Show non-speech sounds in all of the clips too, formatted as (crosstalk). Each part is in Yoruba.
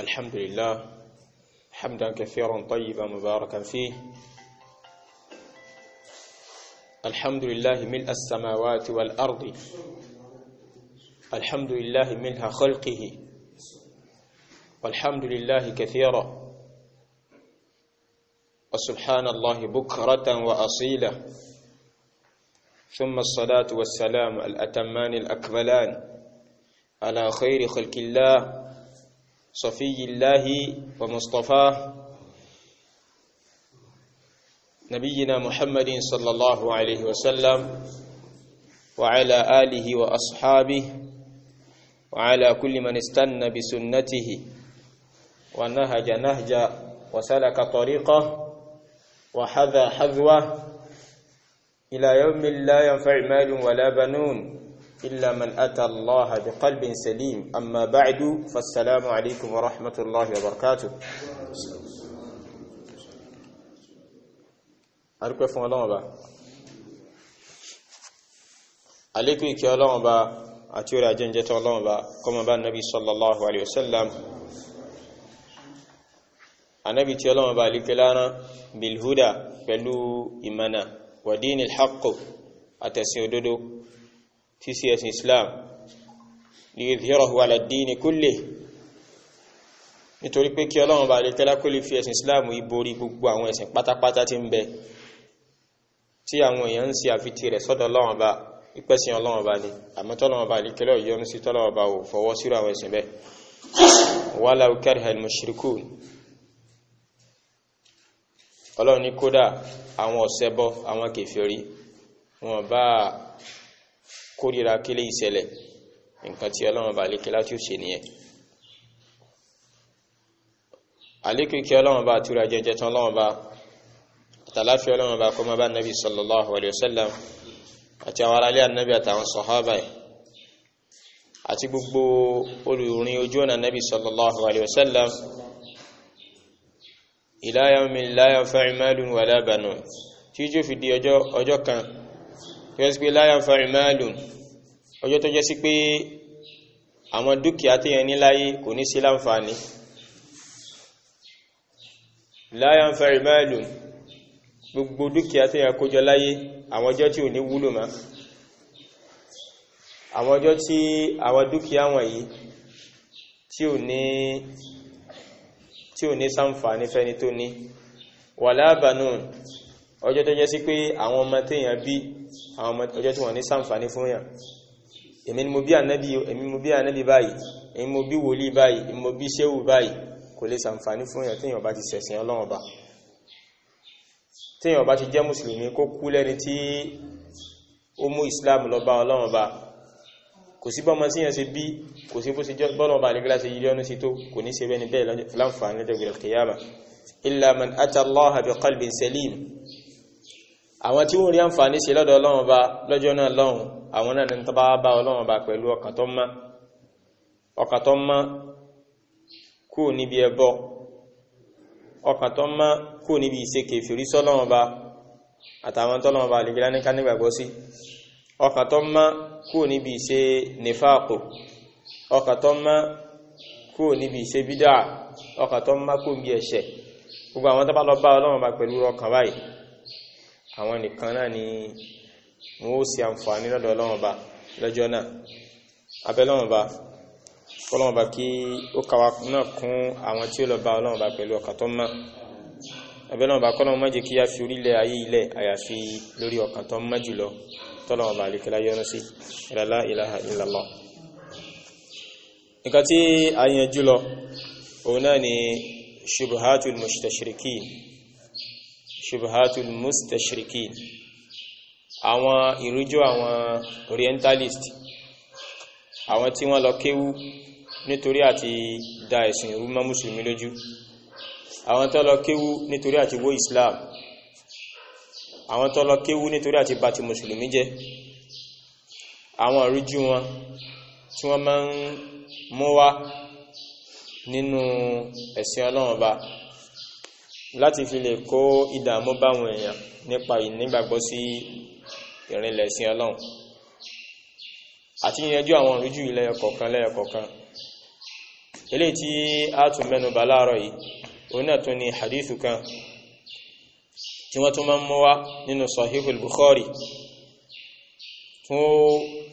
الحمد لله حمدا كثيرا طيبا مباركا فيه الحمد لله ملء السماوات والأرض الحمد لله منها خلقه والحمد لله كثيرا وسبحان الله بكرة وأصيلة ثم الصلاة والسلام الأتمان الأكبلان على خير خلق الله صفي الله ومصطفاه نبينا محمد صلى الله عليه وسلم وعلى آله وأصحابه وعلى كل من استنى بسنته ونهج نهجا وسلك طريقه وحذا حذوه إلى يوم لا ينفع مال ولا بنون إلا من أتى الله بقلب سليم أما بعد فالسلام عليكم ورحمة الله وبركاته أركوا فون الله با عليكم كي الله با أتورا جنجة الله با كما با النبي صلى الله عليه وسلم النبي تي الله با لكلانا بالهدى بلو إمانا ودين الحق دودو tí sí ẹ̀sìn islam liyudhhirahu ala ad-dini kullih nítorí pé kí ọlọ́run bá lè tẹ́lá kó lè fi ẹ̀sìn islam ìborí gbogbo àwọn ẹ̀sìn pátápátá tí ń bẹ tí àwọn èèyàn ń ṣe àfitì rẹ̀ sọ́dọ̀ ọlọ́run bá ìpẹ́sìn ọlọ́run bá ní àmọ́ tọ́lọ́run bá lè kẹ́lọ́ ìyọnu sí tọ́lọ́run bá ò fọwọ́ sírò àwọn ẹ̀sìn bẹ́ẹ̀ walau kórìíra kílé ìṣẹ̀lẹ̀ nǹkan tí ọlọ́run bá lékè láti ṣe nìyẹn àlékè kí ọlọ́run bá túra jẹjẹ tán ọlọ́run bá àtàláfí ọlọ́run bá kọ́ mọ́ bá nàbí sallallahu alayhi wa sallam àti àwọn aráalé ànábì àtàwọn sọ̀hábà àti gbogbo olùrìn ojú ọ̀nà nàbí sallallahu alayhi wa sallam ila yawmin tí yóò fi di ọjọ́ kan yẹ́sí pé láyà ń fa ìmáàlù ọjọ́ tó jẹ́ sí pé àwọn dúkìá tí yẹn ní láyé kò ní sí láǹfààní láyà ń fa ìmáàlù gbogbo dúkìá tí yẹn kójọ láyé àwọn ọjọ́ tí ò ní wúlò má àwọn ọjọ́ tí àwọn dúkìá wọ̀nyí tí ò ní sáǹfààní fẹ́ni tó ní wà láàbànú ọjọ́ tó jẹ́ sí pé àwọn ọmọ téèyàn bí àwọn ọjọ́ tí wọ́n ní ṣàǹfààní fún yàn èmi ni mo bí ànábì èmi mo bí ànábì báyìí èmi mo bí wòlíì báyìí èmi mo bí ṣéwù báyìí kò lè ṣàǹfààní fún yàn téèyàn bá ti ṣẹ̀sìn Ọlọ́run bá téèyàn bá ti jẹ́ mùsùlùmí kó kú lẹ́ni tí ó mú Islam lọ bá Ọlọ́run bá kò sí bọ́mọ sí yẹn ṣe bí kò sí bó ṣe jẹ́ bọ́nà àwọn tí wọ́n rí àǹfààní sí lọ́dọ̀ ọlọ́run bá lọ́jọ́ náà lọ́hùn àwọn náà ní tó bá bá ọlọ́run bá pẹ̀lú ọkàn tó mọ́ ọkàn tó mọ́ kúrò níbi ẹbọ ọkàn tó mọ́ kúrò níbi ìṣekè fìrí sọ́lọ́run bá àtàwọn tọ́lọ́run bá lè gíláni ká nígbàgbọ́ sí àwọn nìkan náà ni wọ́n ó sì àǹfààní lọ́dọ̀ ọlọ́run ọba lọ́jọ́ náà abẹ́lọ́run ọba fọ́lọ́run ọba kí ó kàwá náà kún àwọn tí ó lọ bá ọlọ́run ọba pẹ̀lú ọkàn tó mọ́ abẹ́lọ́run ọba kọ́lọ́run má jẹ́ kí a fi orílẹ̀ ayé ilẹ̀ àyàfi lórí ọkàn tó mọ́ jùlọ tọ́lọ́run ọba shubhatul mustashrikin àwọn ìrújú àwọn orientalist àwọn tí wọ́n lọ kéwú nítorí àti da ẹ̀sìn ìrú mọ́ lójú àwọn tó lọ kéwú nítorí àti wó islam àwọn tó lọ kéwú nítorí àti bá ti mùsùlùmí jẹ́ àwọn ìrújú wọn tí wọ́n máa ń mú nínú ẹ̀sìn ọlọ́run láti fi lè kó ìdààmú báwọn èèyàn nípa ìnígbàgbọ́ sí ìrìnlẹ̀ sí ọlọ́run àti yíyanjú àwọn ìrújú lẹ́yọkọ̀ọ̀kan lẹ́yọkọ̀ọ̀kan eléyìí tí a tún mẹ́nubà láàárọ̀ yìí òun náà tún ni hadithu kan tí wọ́n tún máa ń mú wá nínú sahihul bukhari tún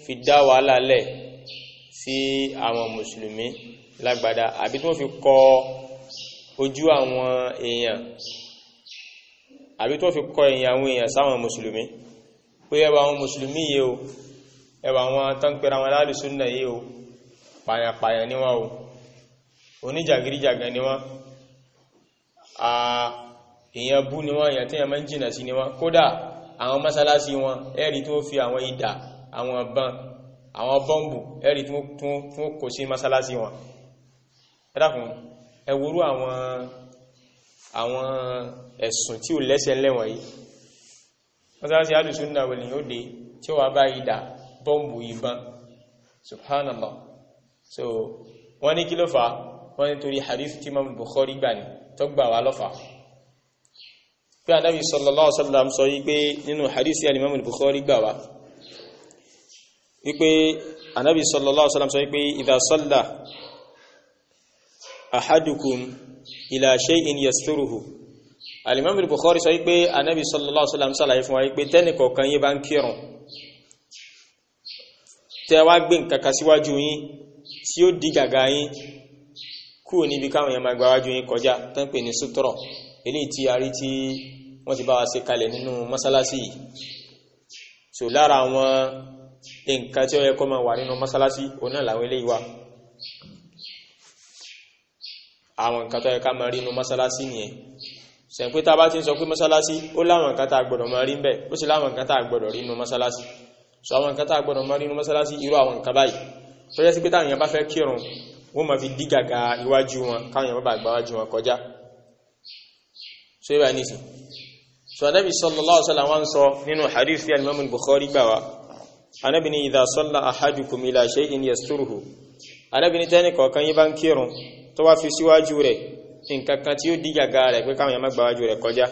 fi dá wàhálà lẹ̀ sí àwọn mùsùlùmí lágbádá àbí tún fi kọ́ ọ ojú àwọn èèyàn àbí tó fi kọ èèyàn àwọn èèyàn sáwọn mùsùlùmí pé ẹwà àwọn mùsùlùmí yìí o ẹwà àwọn tánkẹrẹ àwọn aláàlùsúnnà yìí o pàyàpàyà ni wọ́n o oníjàgíríjàgan ni wọ́n a èèyàn bú ni wọ́n èèyàn tí èèyàn máa ń jìnà sí ni wọ́n kódà àwọn mọ́sálásí wọn ẹ̀rí tó fi àwọn ìdà àwọn ọ̀bọ̀n àwọn bọ́m̀bù ẹ̀rí tó kò sí mọ́sálásí wọn ẹ ẹwúrú àwọn àwọn ẹ̀sùn tí ò lẹ́sẹ̀ lẹ́wọ̀n yìí mọ́sálásí alùsùnà wẹ̀lì yóò dé tí ó wà bá ìdà bọ́m̀bù ìbọn subhanallah so wọ́n ní kí ló fà wọ́n ní torí hadith tí Imam Bukhari gbà ní tó gbà wá lọ́fà pé sallallahu alaihi wasallam sọ yí pé nínú hadith tí Imam Bukhari gbà wá wípé anábì sallallahu alaihi wasallam sọ yí idha salla ahadukum ila shay'in yasturuhu alimami bukhari sọ wípé anabi sallallahu alaihi wasallam ṣàlàyé fún wa wípé tẹ́nì kọ̀ọ̀kan yín bá ń kírun tẹ́ wá gbé nǹkan kan síwájú yín tí ó di gàgà yín kúrò níbi káwọn èèyàn máa gba wájú yín kọjá tán pè ní sútọrọ eléyìí tí a rí tí ti bá wa ṣe kalẹ̀ nínú mọ́sálásí so lára àwọn nǹkan tí ó yẹ kó máa wà nínú mọ́sálásí òun náà làwọn eléyìí àwọn nǹkan tó yẹ ká máa rí inú mọ́sálásí nìyẹn sẹ̀pẹ́ tá a bá ti ń sọ pé mọ́sálásí ó láwọn nǹkan tá a gbọ́dọ̀ máa ń bẹ̀ ó sì láwọn nǹkan tá a rí inú mọ́sálásí so àwọn nǹkan tá a gbọ́dọ̀ máa rí inú mọ́sálásí irú àwọn nǹkan báyìí tó yẹ sí pé táwọn èèyàn bá fẹ́ kírun wọ́n sallallahu alaihi wasallam wọn sọ nínú hadith bukhari gbà wá anabi ni idha salla ahadukum ila shay'in yasturuhu anabi ni tó wá fi síwájú rẹ̀ nǹkan kan tí ó dí gàgà rẹ̀ pé káwọn èèyàn má gbáwájú rẹ̀ kọjá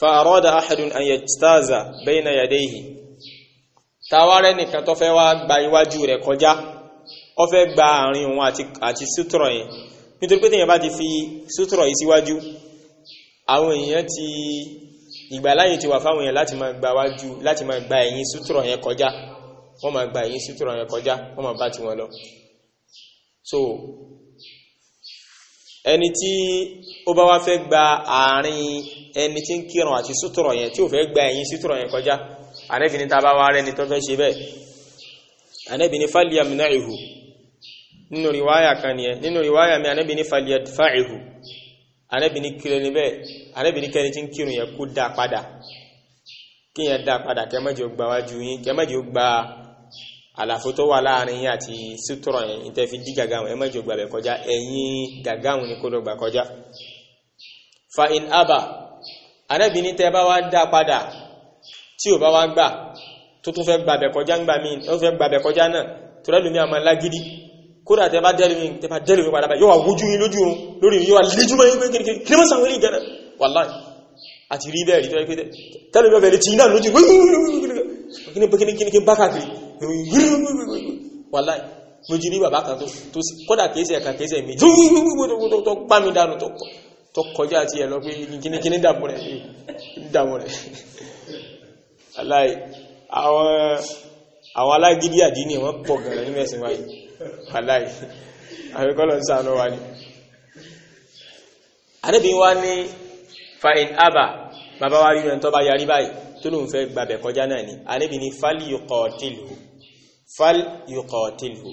fa arada ahadun an yajtaza bayna yadayhi tàwárẹ́ nìkan tó fẹ́ wá gba iwájú rẹ̀ kọjá ó fẹ́ gba àárín òun àti sútúrọ̀ yẹn nítorí pé tèèyàn bá ti fi sútúrọ̀ yìí síwájú àwọn èèyàn ti ìgbàláyè ti wà fáwọn èèyàn láti máa gba ẹ̀yìn sútúrọ̀ yẹn kọjá wọ́n máa gba èyí sítúrà yẹn kọjá wọ́n máa bá ti wọn lọ so ẹni tí ó bá wá fẹ́ gba àárín ẹni tí ń kírun àti sítúrà yẹn tí ò fẹ́ gba èyí sítúrà yẹn kọjá ànẹ́bì ní tàbá wá rẹni tó fẹ́ ṣe bẹ́ẹ̀ ànẹ́bì ní fàlíyàmù náà ìhù nínú riwaya kan ni ẹ nínú riwaya mi ànẹ́bì ní fàlíyàmù fà ìhù ànẹ́bì ní kírun ní bẹ́ẹ̀ ànẹ́bì ní kẹni tí ń kírun yẹn kó dá padà kí yẹn dá padà kẹmẹ́jì ó gba wájú yín kẹmẹ́jì ó gba àlàfo tó wà láàrin yín àti sútúrọ̀ yẹn ní tẹ́fi dí gàgáhùn ẹ má jò gbàbẹ̀ kọjá ẹ̀yìn gàgáhùn ní kó lọ gbà kọjá fa in aba anábì ní tẹ́ bá wá dá padà tí ò bá wá gbà tó tún fẹ́ gbàbẹ̀ kọjá ń gbà mí ó fẹ́ gbàbẹ̀ kọjá náà tó lẹ́lùmí àmọ́ lágídí kódà tẹ́ bá dẹ́lùmí tẹ́ bá dẹ́lùmí padà yóò wà wójú yín lójú oorun lórí yóò wà léjúmọ́ mọ́ sàwọn ilé ìgẹ̀rẹ̀ wàláì àti rí bẹ́ẹ̀ wàláì mo jí rí bàbá kan tó sí kódà kéèsẹ̀ ẹ̀ka kéèsẹ̀ méjì tó pá mi dànù tó kọjá àti ẹ̀lọ pé kíníkíní dàmú rẹ̀ dàmú rẹ̀ aláì àwọn alágídí àdínì wọ́n pọ̀ gẹ̀rẹ̀ ní mẹ́sìn wáyé aláì àríkọ́lọ̀ sáà náà wá ní àdébí wá ní fa'in abba bàbá wa rírẹ̀ tó bá yarí báyìí tó lóun fẹ́ gbàbẹ̀ kọjá náà ni àníbi ni fal yuqatilhu fal yuqatilhu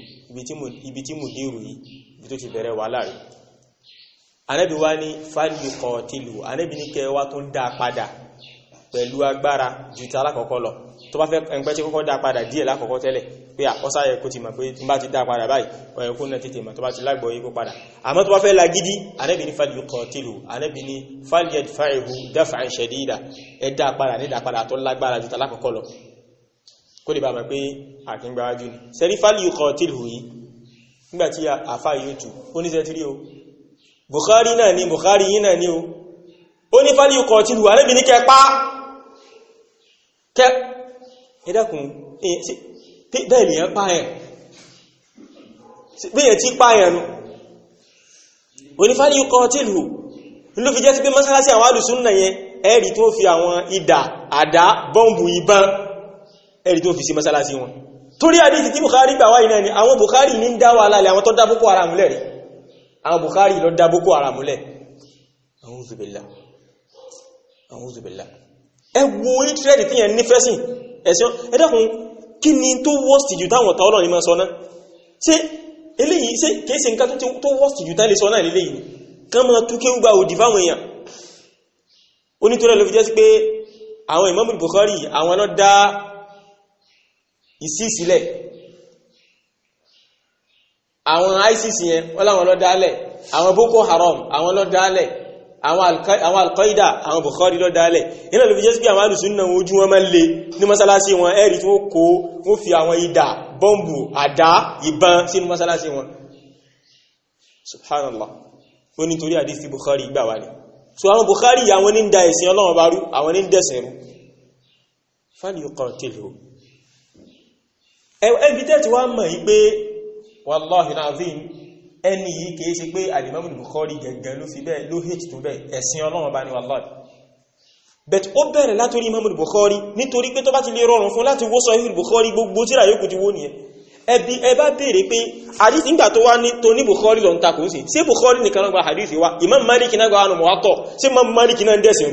ibi tí mo dérò yìí ibi tó ti bẹ̀rẹ̀ wà láàrin àníbi wá ní fal yuqatilhu àníbi ní kẹwàá tó ń dá padà pẹ̀lú agbára ju ti alákọ̀ọ́kọ́ lọ tó bá fẹ́ ẹgbẹ́ tí kọ́kọ́ dá padà díẹ̀ lákọ̀ọ́kọ́ tẹ́lẹ̀ pé àkọ́sáyẹ kó ti mọ̀ pé tí bá ti dá padà báyìí ọ̀yẹ̀ kó náà tètè mọ̀ tó bá ti lágbọ̀ yí kó padà àmọ́ tó bá fẹ́ lagidi anẹ́bì ní fàlì kọ̀ tìlù anẹ́bì ní fàlì ẹ̀dfàìhù dáfà ìṣẹ̀dí ìdà ẹ dá padà ní ìdápadà tó lágbára ju talákọ̀ọ́kọ́ lọ kó lè ni sẹ́rí fàlì kọ̀ tìlù yìí nígbà tí àfà yóò tù Bukhari náà ni Bukhari yìí náà ni o ó ní fàlì kọ̀ tìlù anẹ́bì pa ẹ̀dàkùn bẹ́ẹ̀ lèyàn páyàn bẹ́yàn tí páyàn nù onífàní yíkọ tí lù ló fi jẹ́ sí pé mọ́sálásí àwọn alùsùn náà yẹn ẹ̀rì tó fi àwọn ìdà àdá bọ́m̀bù ìbọn ẹ̀rì tó fi sí mọ́sálásí wọn torí àdíjì tí Bukhari gbà wáyìí náà ni àwọn Bukhari ní dáwà alálẹ̀ àwọn tó dá Boko Haram lẹ̀ rí àwọn Bukhari lọ dá Boko Haram lẹ̀ A'udhu billah A'udhu billah ẹgbù orí tírẹ́dì tí yẹn nífẹ́sìn ẹ̀sìn ẹ̀dẹ́kùn kí ni tó worst jù táwọn tàọ́lọ̀ ní ma sọ náà ṣe eléyìí ṣe kéèsì nǹkan tó worst jù tá lè sọ náà léyìí kán ma tú kéwú gba òdì fáwọn èèyàn onítorẹ́ ló fi jẹ́ sí pé àwọn àwọn alkaida àwọn bukhari lọ dálẹ̀ iná ló fi jẹ́ sí pé àwọn alùsùn náà ojú wọn máa lè ní masalasi wọn ẹ̀rí tí ó kó wọ́n fi àwọn ìdà bọ́m̀bù àdá ìbọn sínú masalasi wọn subhanallah ó ní torí àdísí bukhari gbà wà ní so àwọn bukhari àwọn ní da ẹ̀sìn ọlọ́run bá rú àwọn ní dẹ̀sìn rú falyuqatilu ẹni yìí kìí ṣe pé Al-Imam Bukhari gẹ̀gẹ̀ ló fi bẹ́ẹ̀ ló hate tó bẹ́ẹ̀ ẹ̀sìn ọlọ́run bá ní wallahi but ó bẹ̀rẹ̀ látorí Imam Bukhari nítorí pé tó bá ti lè rọrùn fún láti wó Sahih Bukhari gbogbo tíra yóò kù ti wó nìyẹn ẹbí ẹ bá béèrè pé hadith nígbà tó wá ní tó ní Bukhari lọ ń takò sí ṣé Bukhari nìkan náà gba hadith wa Imam Malik náà gba ànàmọ́ àtọ̀ ṣé Imam Malik náà ń dẹ̀sìn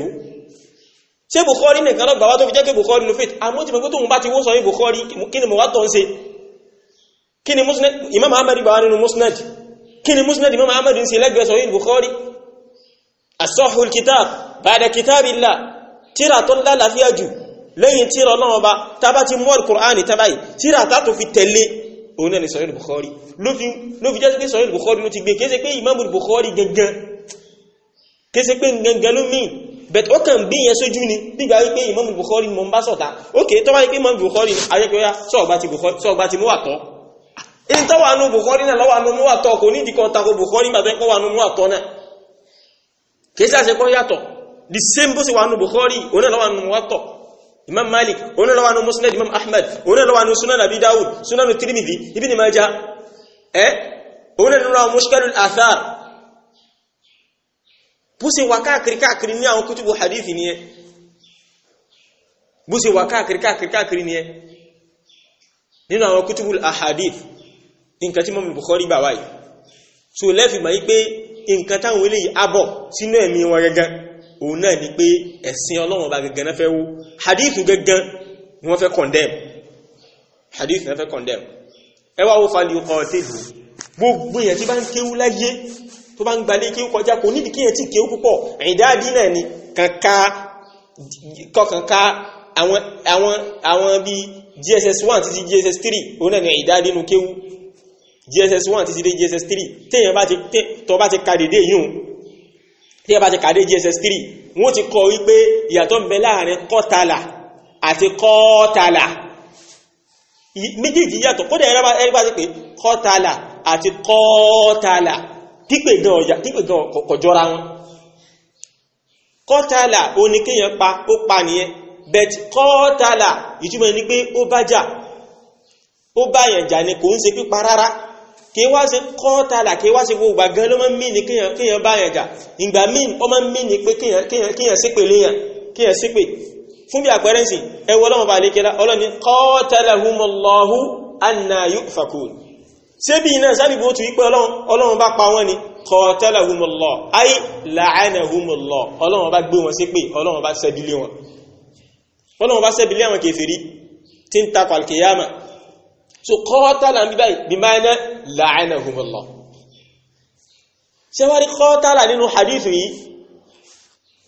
kí ni Imam Ahmad gbà wá nínú Musnad kí ni musnad imam ahmad ń ṣe lẹ́gbẹ̀ẹ́ sọ yìí bukhari asọ́hùl kitab bàdà kitabillah tíra tó lálàáfíà jù lẹ́yìn tíra ọlọ́run ọba tábà ti mọ́ alukur'ani tábà yìí tíra tá tó fi tẹ̀lé òun náà ni sọ̀rọ̀ bukhari ló fi jẹ́ pé sọ̀rọ̀ bukhari ló ti gbé kése pé imam bukhari gangan kése pé gangan ló mìí bẹ̀t ó kàn bí yẹn sójú ni nígbà wípé imam bukhari mọ̀ ń bá sọ̀tà ókè tó bá yẹ imam bukhari ayẹ́kẹ́ sọ̀ọ̀gbá ti mú wà tán in tó wà nù Bukhari náà lọ́wà nù múwà tọ́ kò ní ìdíkọ̀ tako Bukhari nígbà tó wà nù múwà tọ́ náà kìí sí àṣepọ̀ yàtọ̀ the same bó sì wà nù Bukhari òun náà lọ́wà nù múwà tọ́ Imam Malik òun náà lọ́wà Imam Ahmad òun náà lọ́wà nù Sunan Abi Dawud Tirmidhi Ibn Majah ẹ́ òun náà lọ́wà Mushkalul Athar bó sì wà káàkiri káàkiri hadithi ni ẹ bó sì wà káàkiri ni ẹ nínú àwọn ahadith nǹkan tí mọ́mí Bukhari bà wáyìí so lẹ́fì ma yí pé nǹkan táwọn eléyìí abọ̀ sínú ẹ̀mí wọn gẹ́gẹ́ òun náà ni pé ẹ̀sìn Ọlọ́run bá gẹ́gẹ́ náà fẹ́ wó hadithu gẹ́gẹ́ ni wọ́n fẹ́ condemn hadithu náà fẹ́ condemn ẹ wá wo fali ọkọ̀ tèlú gbogbo èèyàn tí bá ń kéwú láyé tó bá ń gbalé kéwú kọjá kò nídìí kéèyàn tí kéwú púpọ̀ ìdáàdí náà ni kankan àwọn bí GSS 1 títí GSS 3 òun náà ni ìdáàdínú kéwú JSS 1 títí dé JSS 3 téèyàn bá ti tó bá ti ka dédé yìí téèyàn bá ti ka dé JSS 3 wọ́n ti kọ́ wípé ìyàtọ̀ ń bẹ láàrin kọ́tàlà àti kọ́tàlà méjèèjì yàtọ̀ kódà ẹ̀rọ bá ti pè kọ́tàlà àti kọ́tàlà pípè gan kọjọ́ra wọn kọ́tàlà ó pa ó pa nìyẹn bet kọ́tàlà ìtumọ̀ ni pé ó bá jà ó bá yàn ni kò ń ṣe pípa rárá kí wá ṣe kọ́tàlà kí wá ṣe gbogbo àgán ló máa ń mìí ní kíyàn bá yàn jà ìgbà míì ó máa ń mìí ní pé kíyàn sípè léyàn kíyàn sípè fún bí àpẹẹrẹ sí ẹwọ ọlọ́run bá lékelá ọlọ́ni qatalahumullahu anna yufakun ṣébí iná sábì bó tu wípé ọlọ́run bá pa wọ́n ni qatalahumullahu so qatalahum bíbáyìí bí máa la'anahumullah ṣe wá rí kọ́tàlà nínú hadithu yìí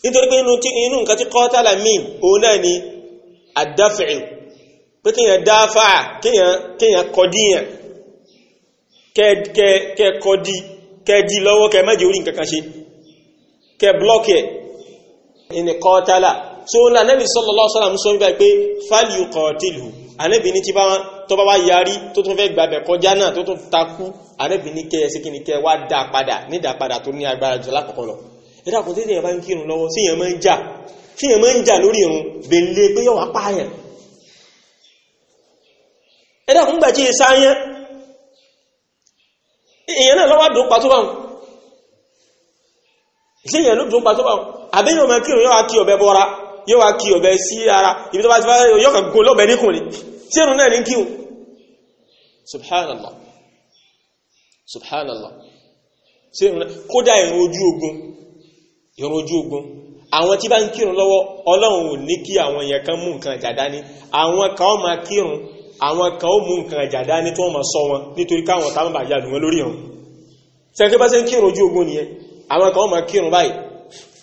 nítorí pé inú nǹkan tí kọ́tàlà míì òun náà ni àdáfẹ̀ẹ́ pé kíyàn dáfà kíyàn kọdíyàn kẹ kọdí kẹ di lọ́wọ́ kẹ mẹ́jì orí nǹkan kan ṣe kẹ blọ́kẹ̀ ìní kọ́tàlà so ń la anẹ́bì sallallahu alaihi wasallam sọ nípa pé fali yuqatiluhu anẹ́bì ní tí bá wọn tó bá wá yarí tó tún fẹ́ gbàbẹ̀ kọjá náà tó tún takú anẹ́bì ní kẹ́ ẹsẹ́ kíni kẹ́ wá dá padà ní dá padà tó ní agbára jù lákọ̀ọ́kọ́ lọ ẹ̀dá kò yẹn bá ń kírun lọ́wọ́ sí yẹn máa ń jà sí yẹn máa ń jà lórí irun bèlè pé yọ̀ pààyàn ẹ̀dá kò ń gbà tí ì kírun yọ́ wá kí ọ̀bẹ bọ́ra yóò wá kí si sí ara ibi tó bá ti fà yóò kàn lọ́bẹ̀ ni tí ẹ̀rùn náà ní kí o subhanallah subhanallah tí ogun ìrun ojú ogun àwọn tí bá ń kírun lọ́wọ́ ọlọ́run ò ní kí àwọn èèyàn mú nǹkan ìjà ni àwọn kan ó máa kírun àwọn kan ó mú nǹkan ìjà dání tí wọ́n máa sọ wọn nítorí káwọn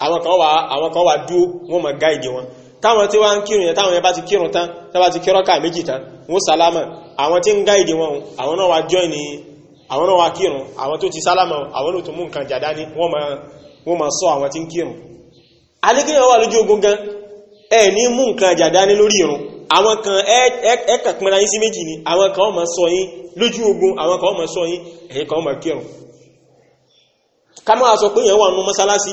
àwọn kan wà àwọn kan wà dúó wọ́n máa gáìdì wọn táwọn tí wọ́n ń kírun yẹn táwọn yẹn bá ti kírun tán tábà ti kírun ká méjì tán wọ́n sálámà àwọn tí ń gáìdì wọn àwọn náà wà join àwọn náà wà kírun àwọn tó ti sálámà àwọn náà tó mú nǹkan jàdá ní wọ́n máa wọ́n máa sọ àwọn tí ń kírun alékíyàn wà lójú ogun gan ẹ ní mú nǹkan jàdá ní lórí irun àwọn kan ẹ kàn pinra yín sí méjì ni àwọn kan ó máa sọ yín lójú ogun àwọn kan ó máa sọ yín ẹ̀yin kan ó máa kírun ká máa sọ pé yẹn wà nú mọ́sálásí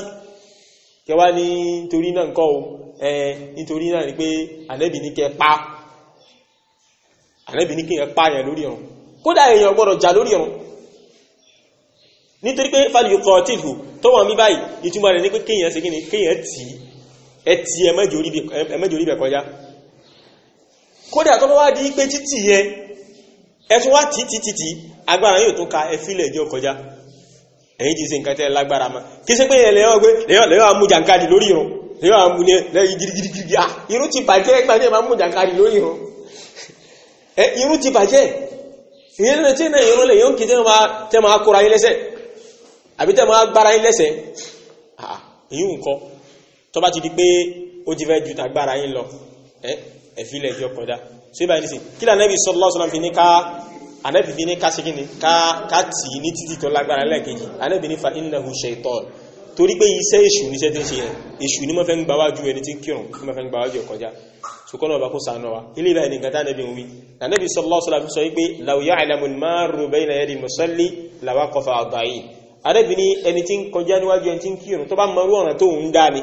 kẹwa ní torí náà nǹkan o ẹ nítorí náà ni pé ànẹ́bì ní pa ànẹ́bì ní kẹ pa yẹn lórí ọ̀run kódà èèyàn gbọ́dọ̀ jà lórí ọ̀run nítorí pé fàlì yóò kọ́ tìlù tó wọ́n báyìí ìtumọ̀ rẹ̀ ní pé kéèyàn ṣe kíni kéèyàn tì í kódà tó di pé títì yẹn wá agbára yóò tún ka kọjá ẹ̀yin ti ṣe nǹkan tẹ́ lágbára ma kí sí pé lẹ́yọ́ amújànkadì lórí irun lẹ́yọ́ amú ní lẹ́yìn girigirigiri à ah, irun ti bàjẹ́ pàdé ma mújànkadì lórí irun (laughs) irun ti bàjẹ́ ìyẹn lẹ́yìn tí náà irun lẹ́yìn kí tẹ́ ma kóra yín lẹ́sẹ̀ àbí tẹ́ ma gbára yín lẹ́sẹ̀ ìyún ah, nǹkan tó bá ti di pé ó ti fẹ́ ju tàgbára yín lọ ẹ̀fílẹ̀ ìjọ kọjá sí ibà ìdísìn kí lànà ibi sallallahu alaihi wasallam fi ní ká anẹ́bì fi ní kásìkí ni ká tì ní títí tó lágbára lẹ́ẹ̀kejì anẹ́bì ní fa innahu shaitan torí pé iṣẹ́ èṣù níṣẹ́ tó ń ṣe yẹn èṣù ní mọ́fẹ́ ń gbáwájú ẹni tí ń kírun ní mọ́fẹ́ ń gbáwájú ọkọjá ṣùkọ́nà ọba kó sànà wa ilé ìbáyìí nìkan tá nẹ́bí ń wí nànẹ́bí sallallahu alaihi wasallam sọ wípé law ya'lamul marru bayna yadi musalli lawaqafa àgbáyé arẹ́bì ní ẹni tí ń kọjá níwájú ẹni tí ń kírun tó bá mọrú ọ̀ràn tó ń dá ni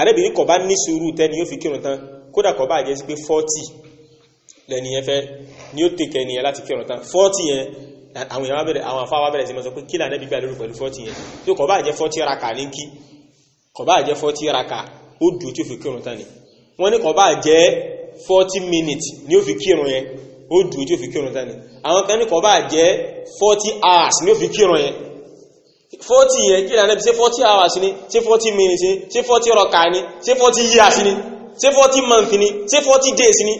arẹ́bì ní kọ̀ bá ní sùúrù tẹ́ni fi kírun tán kódà kọ̀ bá jẹ́ sí pé 40 lẹ́ni yẹn fẹ́ ni ó tèkẹ́ ni yẹn láti kírun tán fọ́ọ̀tì yẹn àwọn èèyàn bẹ̀rẹ̀ àwọn afáwà bẹ̀rẹ̀ sí mọ́ sọ pé kí lànà gbígbà lórí pẹ̀lú fọ́ọ̀tì yẹn tó kọ̀ bá jẹ́ fọ́ọ̀tì raka ní kí kọ̀ bá jẹ́ fọ́ọ̀tì raka ó dùn tí ó fi kírun tán ni wọ́n ní kọ̀ jẹ́ forty minutes ni ó fi kírun yẹn ó dùn tí ó fi kírun tán ni àwọn kan ní kọ̀ jẹ́ forty hours ni ó fi kírun yẹn forty yẹn kí lànà ṣe forty hours ni ṣe forty minutes ni ṣe forty raka ni ṣe forty years ni ṣe forty months ni ṣe forty days ni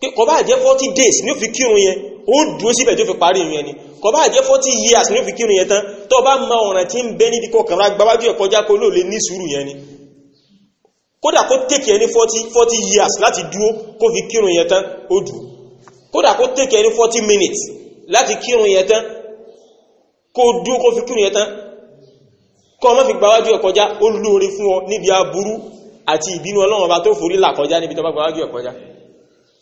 pé kò bá jẹ́ 40 days ní ó fi kírun yẹn ó dúró síbẹ̀ tó fi parí yẹn ni kò bá jẹ́ 40 years ní ó fi kírun yẹn tán tó bá ma ọ̀ràn tí ń bẹ níbi kọkànlá gbáwájú ẹ̀ kọjá kó ló lè ní sùúrù yẹn ni kódà kó tèkì ẹni 40 40 years láti dúró kó fi kírun yẹn tán ó dù kódà kó tèkì ẹni 40 minutes láti kírun yẹn tán kó dúró kó fi kírun yẹn tán kọ́ ọmọ fi gbáwájú ẹ̀ kọjá ó lóore fún ọ níbi aburú àti ìbínú ọlọ́run ọba tó forí là kọjá níbi tó bá gbáwájú ẹ̀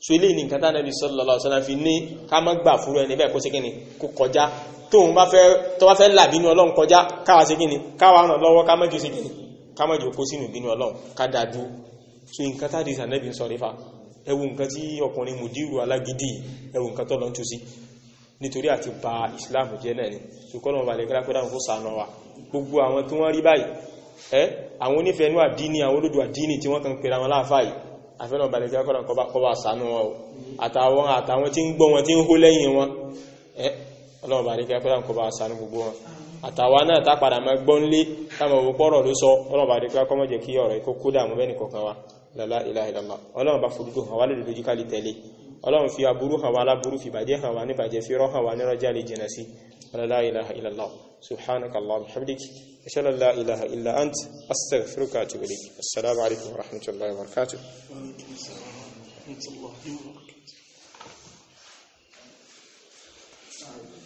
so ilé ní nǹkan tá nàbí sallallahu alaihi wasallam fi ni ká má gbà fúru ẹni bẹ́ẹ̀ kó ṣe kíni kó kọjá tóun bá fẹ́ tó bá fẹ́ là bínú ọlọ́run kọjá káwa ṣe kíni káwa ràn lọ́wọ́ ká má jò ṣe kíni ká má jò kó sínú bínú ọlọ́run so nǹkan di sànẹ́bí ń sọ rífà ẹwù nǹkan tí ọkùnrin mùdírù alágídí ẹwù nǹkan tó lọ ń ba Islam jẹ́ náà ni ṣùkọ́nà ọba lè kílápẹ́ dáhùn wa gbogbo àwọn tí wọ́n rí báyìí ẹ́ àwọn onífẹ̀ẹ́nú àdínì àwọn olódò àdínì tí wọ́n kàn pèrè àwọn afẹ́lọ́ balẹ̀ tí akọ́lọ̀ kọba sànú wọn o àtàwọn àtàwọn tí ń gbọ́ wọn tí ń hó lẹ́yìn wọn ẹ́ ọlọ́run balẹ̀ tí akọ́lọ̀ kọba sànú gbogbo wọn àtàwọn náà tá padà máa gbọ́n lé táwọn òwò pọ́rọ̀ ló sọ ọlọ́run balẹ̀ tí akọ́mọ̀ jẹ́ kí ọ̀rọ̀ ikó ọlọ́run fi aburú hàn wá láburú fi bàjẹ́ hàn wá ní bàjẹ́ fi rọ́ hàn wá ní rọ́jà lè jìnà sí la ilaha illallah subhanaka allahumma hamdik ashhadu an la ilaha illa ant Thank you.